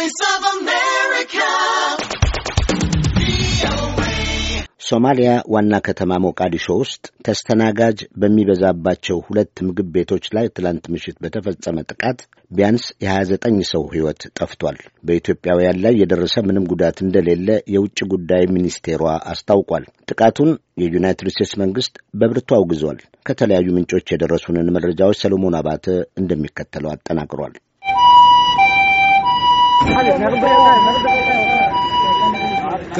Voice of America. ሶማሊያ ዋና ከተማ ሞቃዲሾ ውስጥ ተስተናጋጅ በሚበዛባቸው ሁለት ምግብ ቤቶች ላይ ትላንት ምሽት በተፈጸመ ጥቃት ቢያንስ የ29 ሰው ሕይወት ጠፍቷል። በኢትዮጵያውያን ላይ የደረሰ ምንም ጉዳት እንደሌለ የውጭ ጉዳይ ሚኒስቴሯ አስታውቋል። ጥቃቱን የዩናይትድ ስቴትስ መንግሥት በብርቱ አውግዟል። ከተለያዩ ምንጮች የደረሱንን መረጃዎች ሰለሞን አባተ እንደሚከተለው አጠናቅሯል።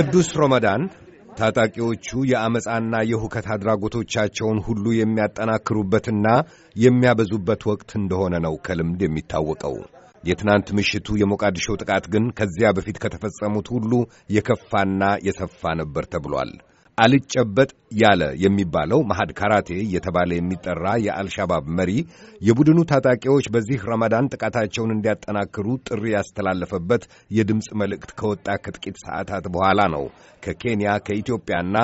ቅዱስ ሮመዳን ታጣቂዎቹ የአመፃና የሁከት አድራጎቶቻቸውን ሁሉ የሚያጠናክሩበትና የሚያበዙበት ወቅት እንደሆነ ነው ከልምድ የሚታወቀው። የትናንት ምሽቱ የሞቃዲሾ ጥቃት ግን ከዚያ በፊት ከተፈጸሙት ሁሉ የከፋና የሰፋ ነበር ተብሏል። አልጨበጥ ያለ የሚባለው መሐድ ካራቴ እየተባለ የሚጠራ የአልሻባብ መሪ የቡድኑ ታጣቂዎች በዚህ ረመዳን ጥቃታቸውን እንዲያጠናክሩ ጥሪ ያስተላለፈበት የድምፅ መልእክት ከወጣ ከጥቂት ሰዓታት በኋላ ነው ከኬንያ ከኢትዮጵያና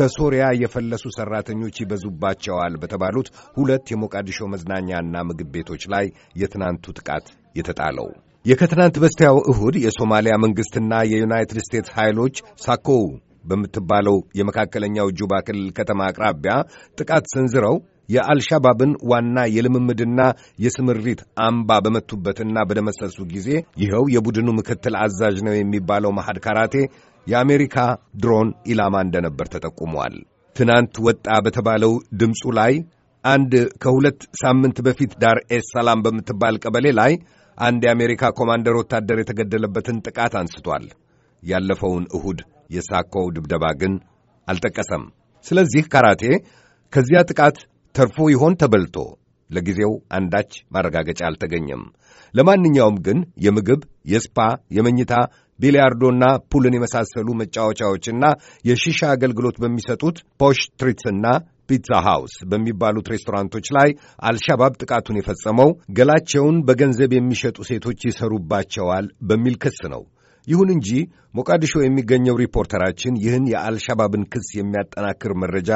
ከሶሪያ የፈለሱ ሠራተኞች ይበዙባቸዋል በተባሉት ሁለት የሞቃዲሾ መዝናኛና ምግብ ቤቶች ላይ የትናንቱ ጥቃት የተጣለው። የከትናንት በስቲያው እሁድ የሶማሊያ መንግሥትና የዩናይትድ ስቴትስ ኃይሎች ሳኮው በምትባለው የመካከለኛው ጁባ ክልል ከተማ አቅራቢያ ጥቃት ሰንዝረው የአልሻባብን ዋና የልምምድና የስምሪት አምባ በመቱበትና በደመሰሱ ጊዜ ይኸው የቡድኑ ምክትል አዛዥ ነው የሚባለው መሐድ ካራቴ የአሜሪካ ድሮን ኢላማ እንደነበር ተጠቁሟል። ትናንት ወጣ በተባለው ድምፁ ላይ አንድ ከሁለት ሳምንት በፊት ዳር ኤስ ሰላም በምትባል ቀበሌ ላይ አንድ የአሜሪካ ኮማንደር ወታደር የተገደለበትን ጥቃት አንስቷል። ያለፈውን እሁድ የሳኮው ድብደባ ግን አልጠቀሰም። ስለዚህ ካራቴ ከዚያ ጥቃት ተርፎ ይሆን ተበልቶ? ለጊዜው አንዳች ማረጋገጫ አልተገኘም። ለማንኛውም ግን የምግብ፣ የስፓ፣ የመኝታ፣ ቢሊያርዶና ፑልን የመሳሰሉ መጫወቻዎችና የሺሻ አገልግሎት በሚሰጡት ፖሽ ትሪትስና ፒዛ ሃውስ በሚባሉት ሬስቶራንቶች ላይ አልሻባብ ጥቃቱን የፈጸመው ገላቸውን በገንዘብ የሚሸጡ ሴቶች ይሰሩባቸዋል በሚል ክስ ነው። ይሁን እንጂ ሞቃዲሾ የሚገኘው ሪፖርተራችን ይህን የአልሻባብን ክስ የሚያጠናክር መረጃ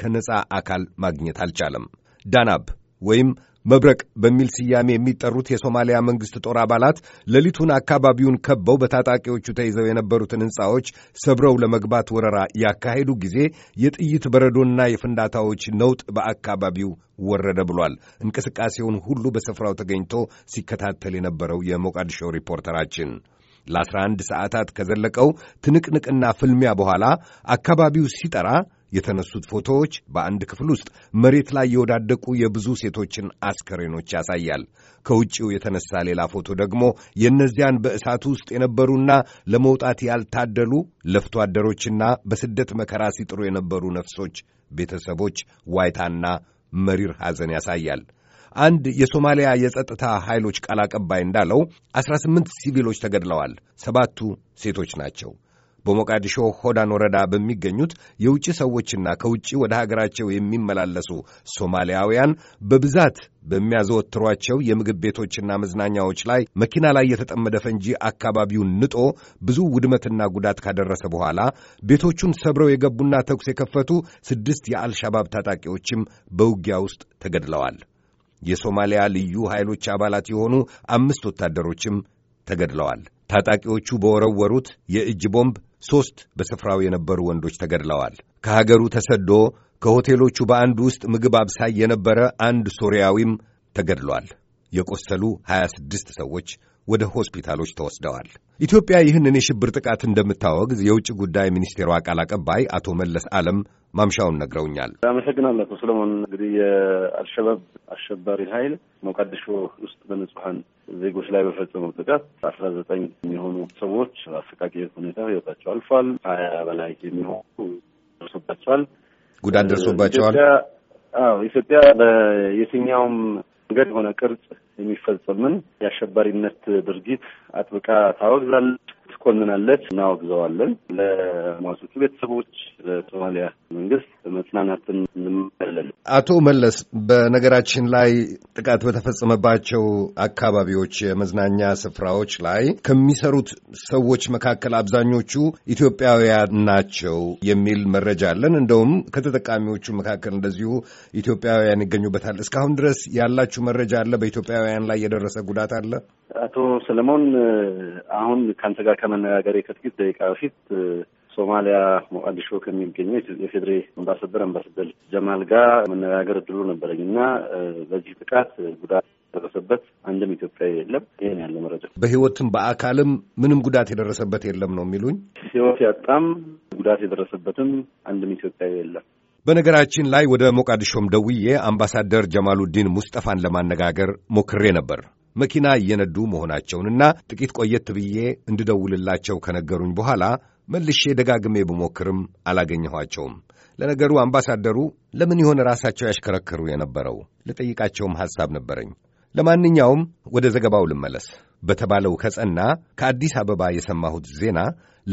ከነፃ አካል ማግኘት አልቻለም። ዳናብ ወይም መብረቅ በሚል ስያሜ የሚጠሩት የሶማሊያ መንግሥት ጦር አባላት ሌሊቱን አካባቢውን ከበው በታጣቂዎቹ ተይዘው የነበሩትን ሕንፃዎች ሰብረው ለመግባት ወረራ ያካሄዱ ጊዜ የጥይት በረዶና የፍንዳታዎች ነውጥ በአካባቢው ወረደ ብሏል። እንቅስቃሴውን ሁሉ በስፍራው ተገኝቶ ሲከታተል የነበረው የሞቃዲሾ ሪፖርተራችን ለ11 ሰዓታት ከዘለቀው ትንቅንቅና ፍልሚያ በኋላ አካባቢው ሲጠራ የተነሱት ፎቶዎች በአንድ ክፍል ውስጥ መሬት ላይ የወዳደቁ የብዙ ሴቶችን አስከሬኖች ያሳያል። ከውጪው የተነሳ ሌላ ፎቶ ደግሞ የእነዚያን በእሳት ውስጥ የነበሩና ለመውጣት ያልታደሉ ለፍቶ አደሮችና በስደት መከራ ሲጥሩ የነበሩ ነፍሶች ቤተሰቦች ዋይታና መሪር ሐዘን ያሳያል። አንድ የሶማሊያ የጸጥታ ኃይሎች ቃል አቀባይ እንዳለው 18 ሲቪሎች ተገድለዋል። ሰባቱ ሴቶች ናቸው። በሞቃዲሾ ሆዳን ወረዳ በሚገኙት የውጭ ሰዎችና ከውጭ ወደ ሀገራቸው የሚመላለሱ ሶማሊያውያን በብዛት በሚያዘወትሯቸው የምግብ ቤቶችና መዝናኛዎች ላይ መኪና ላይ የተጠመደ ፈንጂ አካባቢውን ንጦ ብዙ ውድመትና ጉዳት ካደረሰ በኋላ ቤቶቹን ሰብረው የገቡና ተኩስ የከፈቱ ስድስት የአልሻባብ ታጣቂዎችም በውጊያ ውስጥ ተገድለዋል። የሶማሊያ ልዩ ኃይሎች አባላት የሆኑ አምስት ወታደሮችም ተገድለዋል። ታጣቂዎቹ በወረወሩት የእጅ ቦምብ ሦስት በስፍራው የነበሩ ወንዶች ተገድለዋል። ከሀገሩ ተሰዶ ከሆቴሎቹ በአንድ ውስጥ ምግብ አብሳይ የነበረ አንድ ሶርያዊም ተገድሏል። የቆሰሉ 26 ሰዎች ወደ ሆስፒታሎች ተወስደዋል። ኢትዮጵያ ይህንን የሽብር ጥቃት እንደምታወግዝ የውጭ ጉዳይ ሚኒስቴሯ ቃል አቀባይ አቶ መለስ አለም ማምሻውን ነግረውኛል። አመሰግናለሁ አቶ ሰለሞን። እንግዲህ የአልሸባብ አሸባሪ ኃይል ሞቃዲሾ ውስጥ በንጹሐን ዜጎች ላይ በፈጸመው ጥቃት አስራ ዘጠኝ የሚሆኑ ሰዎች አሰቃቂ ሁኔታ ህይወታቸው አልፏል። ሀያ በላይ የሚሆኑ ደርሶባቸዋል፣ ጉዳት ደርሶባቸዋል። ኢትዮጵያ በየትኛውም ገድ የሆነ ቅርጽ የሚፈጸምን የአሸባሪነት ድርጊት አጥብቃ ታወግዛለች። እናስኮንናለት፣ እናወግዘዋለን። ለሟቾቹ ቤተሰቦች፣ ለሶማሊያ መንግስት መጽናናትን እንመለን። አቶ መለስ፣ በነገራችን ላይ ጥቃት በተፈጸመባቸው አካባቢዎች የመዝናኛ ስፍራዎች ላይ ከሚሰሩት ሰዎች መካከል አብዛኞቹ ኢትዮጵያውያን ናቸው የሚል መረጃ አለን። እንደውም ከተጠቃሚዎቹ መካከል እንደዚሁ ኢትዮጵያውያን ይገኙበታል። እስካሁን ድረስ ያላችሁ መረጃ አለ? በኢትዮጵያውያን ላይ የደረሰ ጉዳት አለ? አቶ ሰለሞን፣ አሁን ከአንተ ጋር ከመነጋገር ከጥቂት ደቂቃ በፊት ሶማሊያ ሞቃዲሾ ከሚገኘው የፌዴሬ አምባሳደር አምባሳደር ጀማል ጋር መነጋገር እድሉ ነበረኝ እና በዚህ ጥቃት ጉዳት የደረሰበት አንድም ኢትዮጵያዊ የለም። ይህን ያለ መረጃ በህይወትም በአካልም ምንም ጉዳት የደረሰበት የለም ነው የሚሉኝ። ህይወት ያጣም ጉዳት የደረሰበትም አንድም ኢትዮጵያዊ የለም። በነገራችን ላይ ወደ ሞቃዲሾም ደውዬ አምባሳደር ጀማሉዲን ሙስጠፋን ለማነጋገር ሞክሬ ነበር። መኪና እየነዱ መሆናቸውንና ጥቂት ቆየት ብዬ እንድደውልላቸው ከነገሩኝ በኋላ መልሼ ደጋግሜ ብሞክርም አላገኘኋቸውም። ለነገሩ አምባሳደሩ ለምን ይሆን ራሳቸው ያሽከረከሩ የነበረው? ልጠይቃቸውም ሐሳብ ነበረኝ። ለማንኛውም ወደ ዘገባው ልመለስ። በተባለው ከጸና ከአዲስ አበባ የሰማሁት ዜና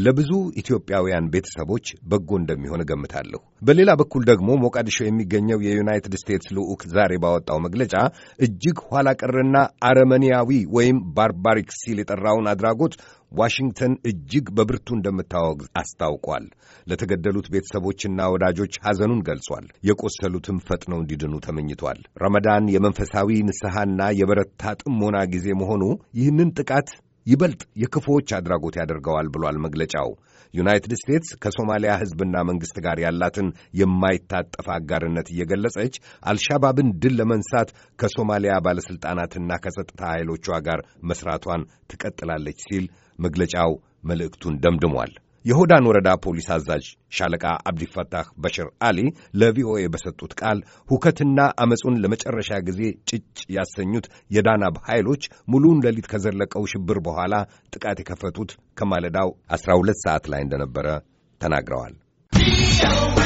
ለብዙ ኢትዮጵያውያን ቤተሰቦች በጎ እንደሚሆን እገምታለሁ። በሌላ በኩል ደግሞ ሞቃዲሾ የሚገኘው የዩናይትድ ስቴትስ ልዑክ ዛሬ ባወጣው መግለጫ እጅግ ኋላ አረመኒያዊ ወይም ባርባሪክ ሲል የጠራውን አድራጎት ዋሽንግተን እጅግ በብርቱ እንደምታወግዝ አስታውቋል። ለተገደሉት ቤተሰቦችና ወዳጆች ሐዘኑን ገልጿል። የቆሰሉትም ፈጥነው እንዲድኑ ተመኝቷል። ረመዳን የመንፈሳዊ ንስሐና የበረታ ጥሞና ጊዜ መሆኑ ይህንን ጥቃት ይበልጥ የክፉዎች አድራጎት ያደርገዋል ብሏል መግለጫው። ዩናይትድ ስቴትስ ከሶማሊያ ሕዝብና መንግሥት ጋር ያላትን የማይታጠፍ አጋርነት እየገለጸች አልሻባብን ድል ለመንሳት ከሶማሊያ ባለሥልጣናትና ከጸጥታ ኃይሎቿ ጋር መሥራቷን ትቀጥላለች ሲል መግለጫው መልእክቱን ደምድሟል። የሆዳን ወረዳ ፖሊስ አዛዥ ሻለቃ አብዲፈታህ በሽር አሊ ለቪኦኤ በሰጡት ቃል ሁከትና አመፁን ለመጨረሻ ጊዜ ጭጭ ያሰኙት የዳናብ ኃይሎች ሙሉውን ሌሊት ከዘለቀው ሽብር በኋላ ጥቃት የከፈቱት ከማለዳው 12 ሰዓት ላይ እንደነበረ ተናግረዋል።